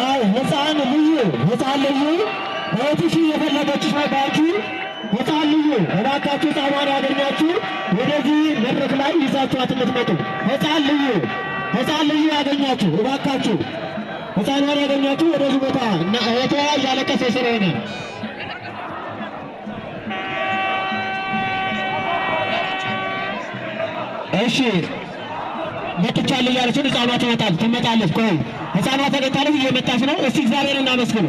አይ ህፃን ልዩ ህፃን ልዩ በትሽ የፈለገችሽ ነው ባኪ ሕፃን ልዩ እባካችሁ ሕፃኗን ያገኛችሁ ወደዚህ መድረክ ላይ ይዛችኋት የምትመጡ ሕፃን ልዩ ሕፃን ልዩ ያገኛችሁ እባካችሁ ሕፃኗን ያገኛችሁ ወደዚህ ቦታ እህቷ እያለቀሰ ስለሆነ እሺ መጥቻል እያለችን ሕፃኗ ትመጣለች። ቆይ ሕፃኗ ተገጣለች፣ እየመጣች ነው። እስቲ እግዚአብሔር እናመስግኑ።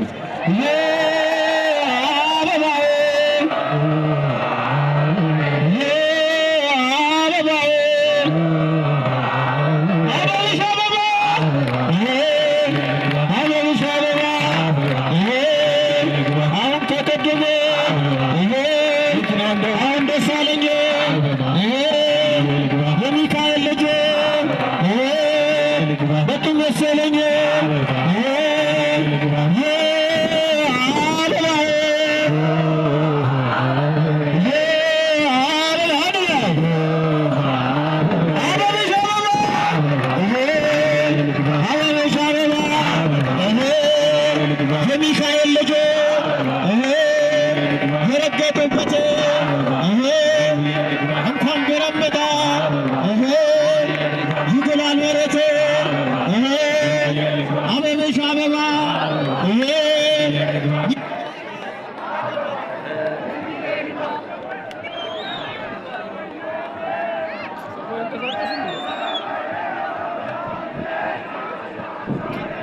Thank you.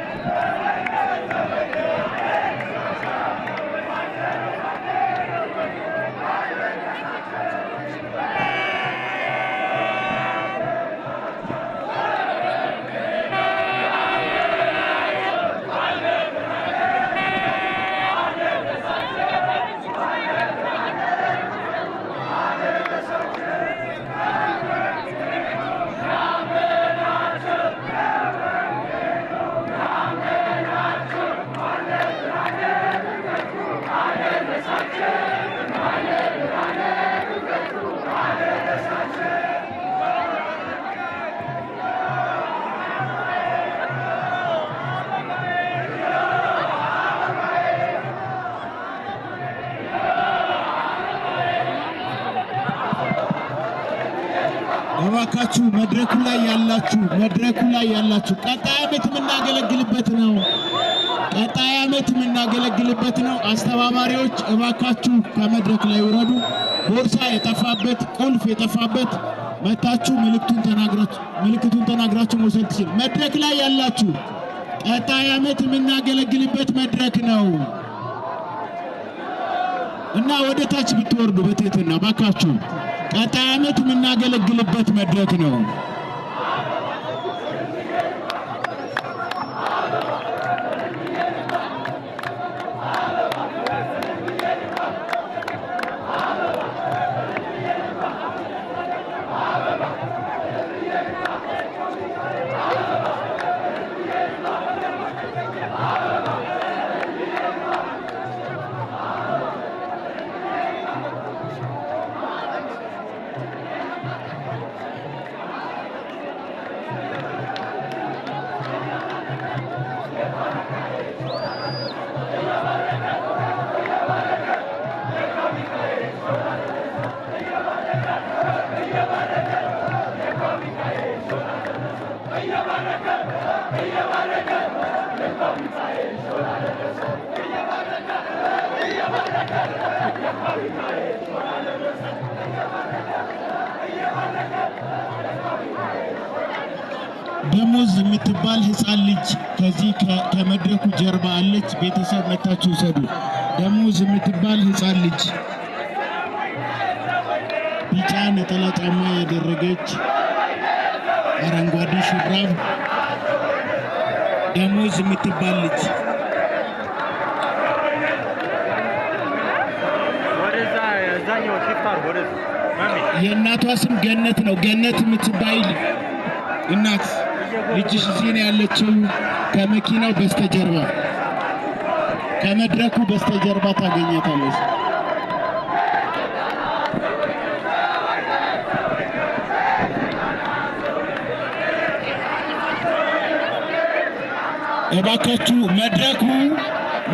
እባካችሁ መድረኩ ላይ ያላችሁ መድረኩ ላይ ያላችሁ ቀጣይ ዓመት የምናገለግልበት ነው። ቀጣይ ዓመት የምናገለግልበት ነው። አስተባባሪዎች እባካችሁ ከመድረክ ላይ ውረዱ። ቦርሳ የጠፋበት ቁልፍ የጠፋበት መታችሁ ምልክቱን ተናግራችሁ ምልክቱን ተናግራችሁ መውሰድ ትችል። መድረክ ላይ ያላችሁ ቀጣይ ዓመት የምናገለግልበት መድረክ ነው እና ወደ ታች ብትወርዱ በትህትና እባካችሁ ቀጣይ ዓመት የምናገለግልበት መድረክ ነው። ደሞዝ የምትባል ህፃን ልጅ ከዚህ ከመድረኩ ጀርባ አለች። ቤተሰብ መታችሁ ውሰዱ። ደሞዝ የምትባል ህፃን ልጅ ቢጫ ነጠላ ጫማ ያደረገች አረንጓዴ ሹራብ ደሞዝ የምትባል ልጅ የእናቷ ስም ገነት ነው። ገነት የምትባይል እናት ልጅሽ እዚህ ያለችው። ከመኪናው በስተጀርባ ከመድረኩ በስተጀርባ ታገኛታለች። እባካችሁ መድረኩ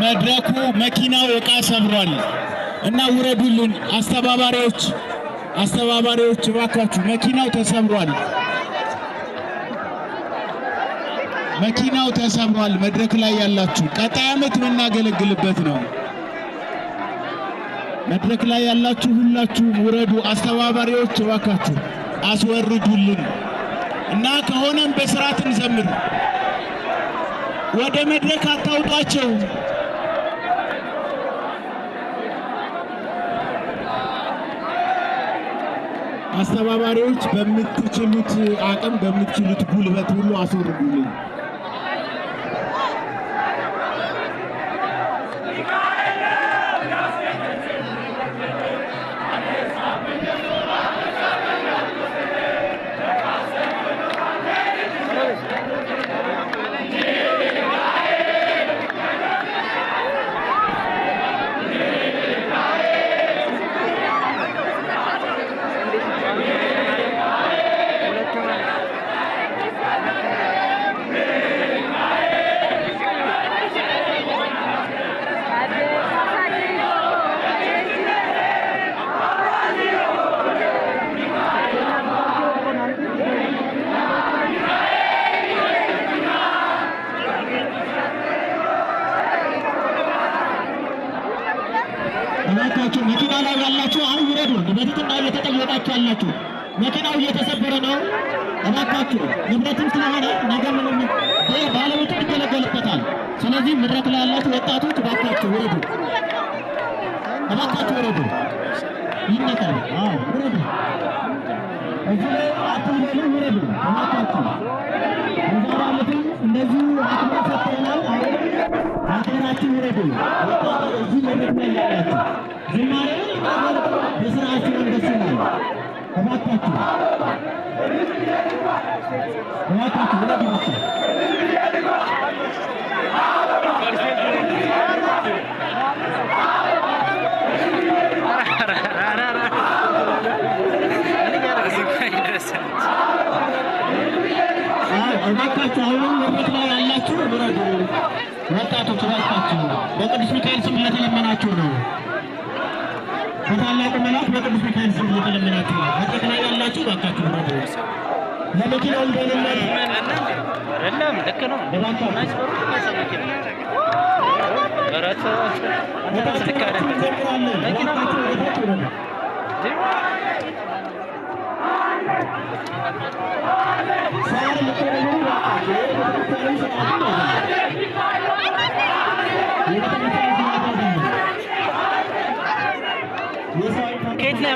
መድረኩ መኪናው እቃ ሰብሯል እና ውረዱልን። አስተባባሪዎች አስተባባሪዎች እባካችሁ መኪናው ተሰብሯል፣ መኪናው ተሰብሯል። መድረክ ላይ ያላችሁ ቀጣይ ዓመት የምናገለግልበት ነው። መድረክ ላይ ያላችሁ ሁላችሁም ውረዱ። አስተባባሪዎች እባካችሁ አስወርዱልን እና ከሆነም በስርዓት እንዘምር። ወደ መድረክ አታውጧቸው። አስተባባሪዎች በምትችሉት አቅም በምትችሉት ጉልበት ሁሉ አስወርዱልኝ። ያላችሁ መኪና ላይ ያላችሁ አሁን ውረዱ። በትትና እየተጠየቃችሁ ያላችሁ መኪናው እየተሰበረ ነው። እባካችሁ ንብረትም ስለሆነ ነገ ምንም ባለቤቱ ይገለገልበታል። ስለዚህ መድረክ ላይ ያላችሁ ወጣቶች እባካችሁ ውረዱ፣ እባካችሁ ውረዱ። ይነካል። ውረዱ፣ እዚህ ላይ አትበሉ፣ ውረዱ እባካችሁ። እንደዚህ አክብረን ሰጥተናል። አገራችን ይረዱን፣ እዚህ መድረክ ላይ ያላችሁ ዝማሬ በስራችሁ እንደሱ ነው። እባካችሁ እባካችሁ ለግባችሁ እባካችሁ አሁንም መድረክ ላይ ወጣቶች እባካችሁ በቅዱስ ሚካኤል ስም እየተለመናችሁ ነው። በታላቁ መልአክ በቅዱስ ሚካኤል ስም እየተለመናችሁ ነው። በጠቅላይ ያላችሁ እባካችሁ ነው ለመኪናው እንዳይለመድ አይደለም። ልክ ነው።